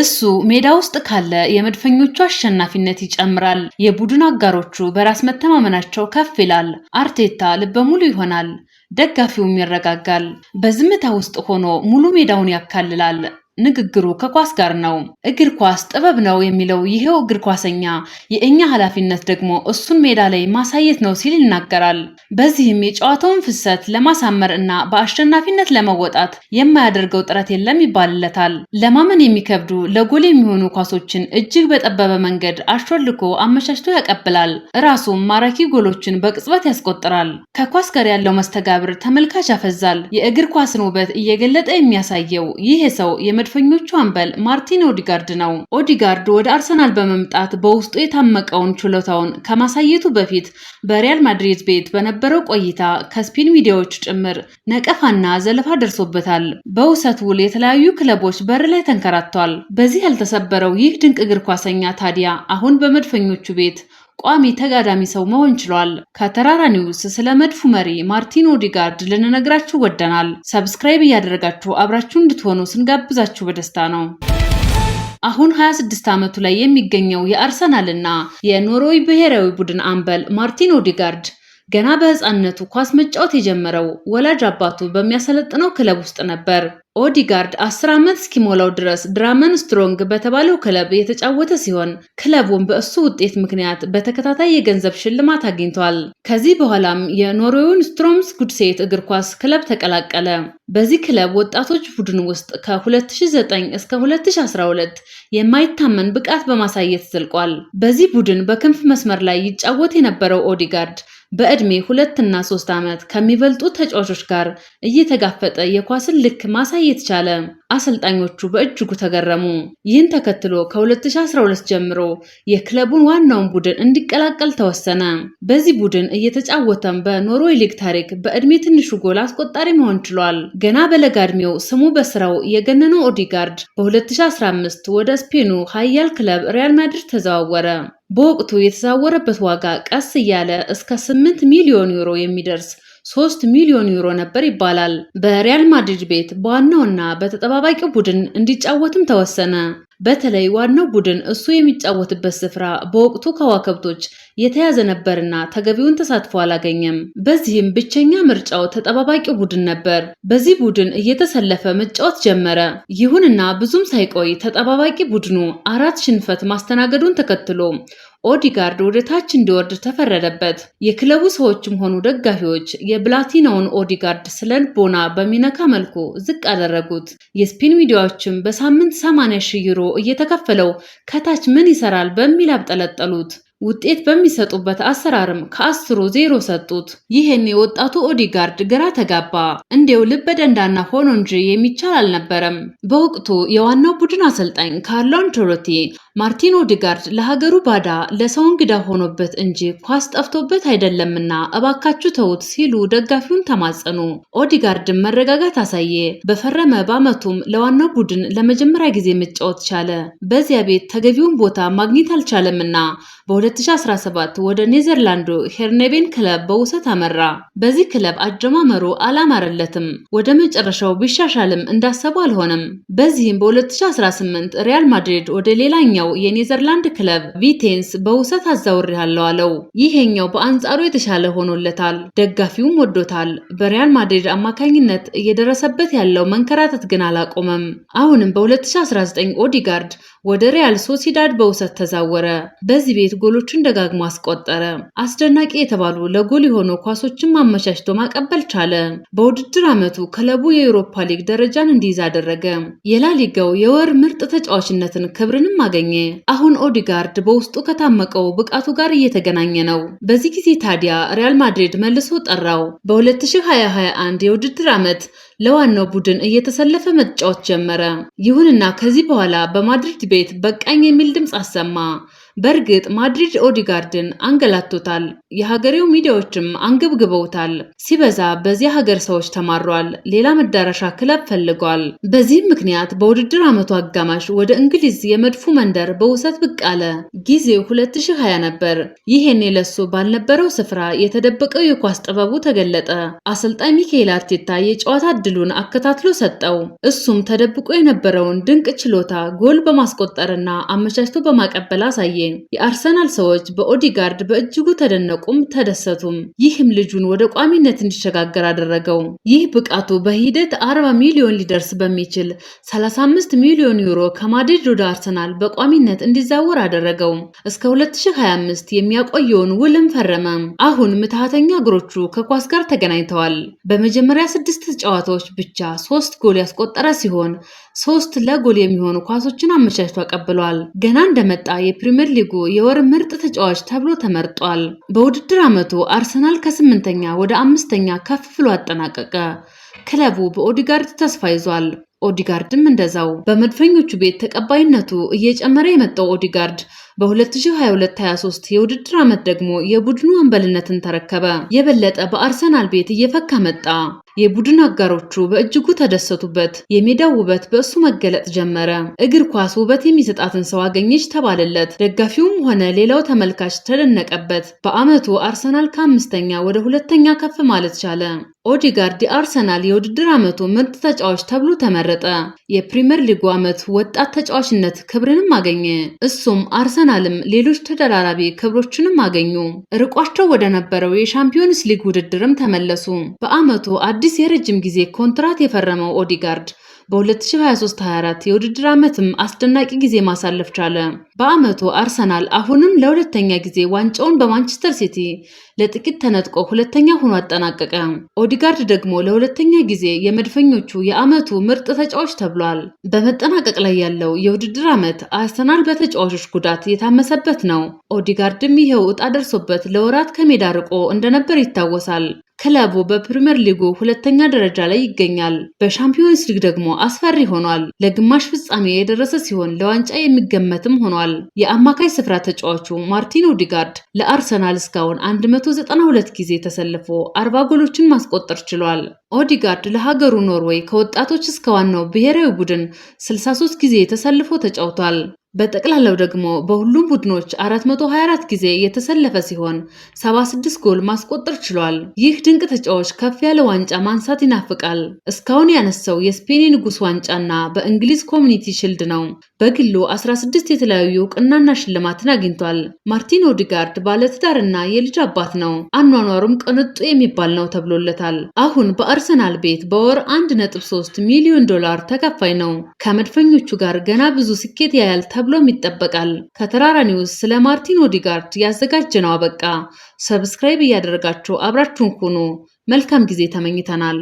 እሱ ሜዳ ውስጥ ካለ የመድፈኞቹ አሸናፊነት ይጨምራል። የቡድን አጋሮቹ በራስ መተማመናቸው ከፍ ይላል። አርቴታ ልበ ሙሉ ይሆናል፣ ደጋፊውም ይረጋጋል። በዝምታ ውስጥ ሆኖ ሙሉ ሜዳውን ያካልላል። ንግግሩ ከኳስ ጋር ነው። እግር ኳስ ጥበብ ነው የሚለው ይሄው እግር ኳሰኛ የእኛ ኃላፊነት ደግሞ እሱን ሜዳ ላይ ማሳየት ነው ሲል ይናገራል። በዚህም የጨዋታውን ፍሰት ለማሳመር እና በአሸናፊነት ለመወጣት የማያደርገው ጥረት የለም ይባልለታል። ለማመን የሚከብዱ ለጎል የሚሆኑ ኳሶችን እጅግ በጠበበ መንገድ አሾልኮ አመቻችቶ ያቀብላል። ራሱም ማራኪ ጎሎችን በቅጽበት ያስቆጥራል። ከኳስ ጋር ያለው መስተጋብር ተመልካች ያፈዛል። የእግር ኳስን ውበት እየገለጠ የሚያሳየው ይሄ ሰው መድፈኞቹ አምበል ማርቲን ኦዲጋርድ ነው። ኦዲጋርድ ወደ አርሰናል በመምጣት በውስጡ የታመቀውን ችሎታውን ከማሳየቱ በፊት በሪያል ማድሪድ ቤት በነበረው ቆይታ ከስፔን ሚዲያዎች ጭምር ነቀፋና ዘለፋ ደርሶበታል። በውሰት ውል የተለያዩ ክለቦች በር ላይ ተንከራቷል። በዚህ ያልተሰበረው ይህ ድንቅ እግር ኳሰኛ ታዲያ አሁን በመድፈኞቹ ቤት ቋሚ ተጋዳሚ ሰው መሆን ችሏል። ከተራራ ኒውስ ስለ መድፉ መሪ ማርቲን ኦዲጋርድ ልንነግራችሁ ወደናል። ሰብስክራይብ እያደረጋችሁ አብራችሁ እንድትሆኑ ስንጋብዛችሁ በደስታ ነው። አሁን 26 ዓመቱ ላይ የሚገኘው የአርሰናልና የኖርዌይ ብሔራዊ ቡድን አምበል ማርቲን ኦዲጋርድ ገና በህፃንነቱ ኳስ መጫወት የጀመረው ወላጅ አባቱ በሚያሰለጥነው ክለብ ውስጥ ነበር። ኦዲጋርድ 10 ዓመት እስኪሞላው ድረስ ድራመን ስትሮንግ በተባለው ክለብ የተጫወተ ሲሆን ክለቡም በእሱ ውጤት ምክንያት በተከታታይ የገንዘብ ሽልማት አግኝቷል። ከዚህ በኋላም የኖርዌውን ስትሮምስ ጉድሴት እግር ኳስ ክለብ ተቀላቀለ። በዚህ ክለብ ወጣቶች ቡድን ውስጥ ከ2009 እስከ 2012 የማይታመን ብቃት በማሳየት ዘልቋል። በዚህ ቡድን በክንፍ መስመር ላይ ይጫወት የነበረው ኦዲጋርድ በዕድሜ ሁለት እና ሶስት ዓመት ከሚበልጡ ተጫዋቾች ጋር እየተጋፈጠ የኳስን ልክ ማሳየት ማሳየት ቻለ። አሰልጣኞቹ በእጅጉ ተገረሙ። ይህን ተከትሎ ከ2012 ጀምሮ የክለቡን ዋናውን ቡድን እንዲቀላቀል ተወሰነ። በዚህ ቡድን እየተጫወተም በኖርዌይ ሊግ ታሪክ በእድሜ ትንሹ ጎል አስቆጣሪ መሆን ችሏል። ገና በለጋ እድሜው ስሙ በስራው የገነነው ኦዲጋርድ በ2015 ወደ ስፔኑ ኃያል ክለብ ሪያል ማድሪድ ተዘዋወረ። በወቅቱ የተዘዋወረበት ዋጋ ቀስ እያለ እስከ 8 ሚሊዮን ዩሮ የሚደርስ ሶስት ሚሊዮን ዩሮ ነበር ይባላል። በሪያል ማድሪድ ቤት በዋናውና በተጠባባቂው ቡድን እንዲጫወትም ተወሰነ። በተለይ ዋናው ቡድን እሱ የሚጫወትበት ስፍራ በወቅቱ ከዋከብቶች የተያዘ ነበርና ተገቢውን ተሳትፎ አላገኘም። በዚህም ብቸኛ ምርጫው ተጠባባቂ ቡድን ነበር። በዚህ ቡድን እየተሰለፈ መጫወት ጀመረ። ይሁንና ብዙም ሳይቆይ ተጠባባቂ ቡድኑ አራት ሽንፈት ማስተናገዱን ተከትሎ ኦዲጋርድ ወደ ታች እንዲወርድ ተፈረደበት። የክለቡ ሰዎችም ሆኑ ደጋፊዎች የብላቲናውን ኦዲጋርድ ስለልቦና በሚነካ መልኩ ዝቅ አደረጉት። የስፔን ሚዲያዎችም በሳምንት 80 ሺህ ዩሮ እየተከፈለው ከታች ምን ይሰራል በሚል አብጠለጠሉት። ውጤት በሚሰጡበት አሰራርም ከአስሩ ዜሮ ሰጡት። ይህን የወጣቱ ኦዲጋርድ ግራ ተጋባ። እንዲው ልበ ደንዳና ሆኖ እንጂ የሚቻል አልነበረም። በወቅቱ የዋናው ቡድን አሰልጣኝ ካርሎ አንቸሎቲ ማርቲን ኦዲጋርድ ለሀገሩ ባዳ ለሰው እንግዳ ሆኖበት እንጂ ኳስ ጠፍቶበት አይደለምና እባካችሁ ተውት ሲሉ ደጋፊውን ተማጸኑ። ኦዲጋርድም መረጋጋት አሳየ። በፈረመ በዓመቱም ለዋናው ቡድን ለመጀመሪያ ጊዜ መጫወት ቻለ። በዚያ ቤት ተገቢውን ቦታ ማግኘት አልቻለምና በ 2017 ወደ ኔዘርላንዱ ሄርኔቤን ክለብ በውሰት አመራ። በዚህ ክለብ አጀማመሩ አላማረለትም። ወደ መጨረሻው ቢሻሻልም እንዳሰቡ አልሆነም። በዚህም በ2018 ሪያል ማድሪድ ወደ ሌላኛው የኔዘርላንድ ክለብ ቪቴንስ በውሰት አዛውሬያለሁ አለው። ይሄኛው በአንጻሩ የተሻለ ሆኖለታል፣ ደጋፊውም ወዶታል። በሪያል ማድሪድ አማካኝነት እየደረሰበት ያለው መንከራተት ግን አላቆመም። አሁንም በ2019 ኦዲጋርድ ወደ ሪያል ሶሲዳድ በውሰት ተዛወረ። በዚህ ቤት ጎሎ ጎሎችን ደጋግሞ አስቆጠረ። አስደናቂ የተባሉ ለጎል የሆኑ ኳሶችን ማመቻችቶ ማቀበል ቻለ። በውድድር ዓመቱ ክለቡ የአውሮፓ ሊግ ደረጃን እንዲይዝ አደረገ። የላሊጋው የወር ምርጥ ተጫዋችነትን ክብርንም አገኘ። አሁን ኦዲጋርድ በውስጡ ከታመቀው ብቃቱ ጋር እየተገናኘ ነው። በዚህ ጊዜ ታዲያ ሪያል ማድሪድ መልሶ ጠራው። በ2021 የውድድር ዓመት ለዋናው ቡድን እየተሰለፈ መጫወት ጀመረ። ይሁንና ከዚህ በኋላ በማድሪድ ቤት በቃኝ የሚል ድምፅ አሰማ። በእርግጥ ማድሪድ ኦዲጋርድን አንገላቶታል። የሀገሬው ሚዲያዎችም አንገብግበውታል። ሲበዛ በዚያ ሀገር ሰዎች ተማሯል። ሌላ መዳረሻ ክለብ ፈልጓል። በዚህም ምክንያት በውድድር ዓመቱ አጋማሽ ወደ እንግሊዝ የመድፉ መንደር በውሰት ብቅ አለ። ጊዜው 2020 ነበር። ይሄኔ ለሱ ባልነበረው ስፍራ የተደበቀው የኳስ ጥበቡ ተገለጠ። አሰልጣኝ ሚካኤል አርቴታ የጨዋታ እድሉን አከታትሎ ሰጠው። እሱም ተደብቆ የነበረውን ድንቅ ችሎታ ጎል በማስቆጠርና አመቻችቶ በማቀበል አሳየ። የአርሰናል ሰዎች በኦዲጋርድ በእጅጉ ተደነቁም ተደሰቱም። ይህም ልጁን ወደ ቋሚነት እንዲሸጋገር አደረገው። ይህ ብቃቱ በሂደት 40 ሚሊዮን ሊደርስ በሚችል 35 ሚሊዮን ዩሮ ከማድሪድ ወደ አርሰናል በቋሚነት እንዲዛወር አደረገው። እስከ 2025 የሚያቆየውን ውልም ፈረመ። አሁን ምትሃተኛ እግሮቹ ከኳስ ጋር ተገናኝተዋል። በመጀመሪያ ስድስት ጨዋታዎች ብቻ ሶስት ጎል ያስቆጠረ ሲሆን ሶስት ለጎል የሚሆኑ ኳሶችን አመቻችቶ አቀብሏል። ገና እንደመጣ የፕሪምየር ሊጉ የወር ምርጥ ተጫዋች ተብሎ ተመርጧል። በውድድር ዓመቱ አርሰናል ከስምንተኛ ወደ አምስተኛ ከፍ ብሎ አጠናቀቀ። ክለቡ በኦዲጋርድ ተስፋ ይዟል። ኦዲጋርድም እንደዛው። በመድፈኞቹ ቤት ተቀባይነቱ እየጨመረ የመጣው ኦዲጋርድ በ2022/23 የውድድር ዓመት ደግሞ የቡድኑ አምበልነትን ተረከበ። የበለጠ በአርሰናል ቤት እየፈካ መጣ። የቡድን አጋሮቹ በእጅጉ ተደሰቱበት። የሜዳው ውበት በእሱ መገለጥ ጀመረ። እግር ኳስ ውበት የሚሰጣትን ሰው አገኘች ተባለለት። ደጋፊውም ሆነ ሌላው ተመልካች ተደነቀበት። በዓመቱ አርሰናል ከአምስተኛ ወደ ሁለተኛ ከፍ ማለት ቻለ። ኦዲጋርድ የአርሰናል የውድድር ዓመቱ ምርጥ ተጫዋች ተብሎ ተመረጠ። የፕሪምየር ሊጉ ዓመት ወጣት ተጫዋችነት ክብርንም አገኘ። እሱም አርሰናል አርሰናልም ሌሎች ተደራራቢ ክብሮችንም አገኙ። ርቋቸው ወደ ነበረው የሻምፒዮንስ ሊግ ውድድርም ተመለሱ። በአመቱ አዲስ የረጅም ጊዜ ኮንትራት የፈረመው ኦዲጋርድ በ2023/24 የውድድር ዓመትም አስደናቂ ጊዜ ማሳለፍ ቻለ። በዓመቱ አርሰናል አሁንም ለሁለተኛ ጊዜ ዋንጫውን በማንቸስተር ሲቲ ለጥቂት ተነጥቆ ሁለተኛ ሆኖ አጠናቀቀ። ኦዲጋርድ ደግሞ ለሁለተኛ ጊዜ የመድፈኞቹ የዓመቱ ምርጥ ተጫዋች ተብሏል። በመጠናቀቅ ላይ ያለው የውድድር ዓመት አርሰናል በተጫዋቾች ጉዳት የታመሰበት ነው። ኦዲጋርድም ይኸው ዕጣ ደርሶበት ለወራት ከሜዳ ርቆ እንደነበር ይታወሳል። ክለቡ በፕሪምየር ሊጉ ሁለተኛ ደረጃ ላይ ይገኛል። በሻምፒዮንስ ሊግ ደግሞ አስፈሪ ሆኗል። ለግማሽ ፍጻሜ የደረሰ ሲሆን ለዋንጫ የሚገመትም ሆኗል። የአማካይ ስፍራ ተጫዋቹ ማርቲን ኦዲጋርድ ለአርሰናል እስካሁን 192 ጊዜ ተሰልፎ 40 ጎሎችን ማስቆጠር ችሏል። ኦዲጋርድ ለሀገሩ ኖርዌይ ከወጣቶች እስከ ዋናው ብሔራዊ ቡድን 63 ጊዜ ተሰልፎ ተጫውቷል። በጠቅላላው ደግሞ በሁሉም ቡድኖች 424 ጊዜ የተሰለፈ ሲሆን 76 ጎል ማስቆጠር ችሏል። ይህ ድንቅ ተጫዋች ከፍ ያለ ዋንጫ ማንሳት ይናፍቃል። እስካሁን ያነሳው የስፔን ንጉሥ ዋንጫና በእንግሊዝ ኮሚኒቲ ሽልድ ነው። በግሉ 16 የተለያዩ እውቅናና ሽልማትን አግኝቷል። ማርቲን ኦዲጋርድ ባለትዳርና የልጅ አባት ነው። አኗኗሩም ቅንጡ የሚባል ነው ተብሎለታል። አሁን በአርሰናል ቤት በወር 1.3 ሚሊዮን ዶላር ተከፋይ ነው። ከመድፈኞቹ ጋር ገና ብዙ ስኬት ያያል ተብሎም ይጠበቃል። ከተራራ ኒውስ ስለ ማርቲን ኦዲጋርድ ነው አበቃ። ሰብስክራይብ እያደረጋችሁ አብራችሁን ሁኑ። መልካም ጊዜ ተመኝተናል።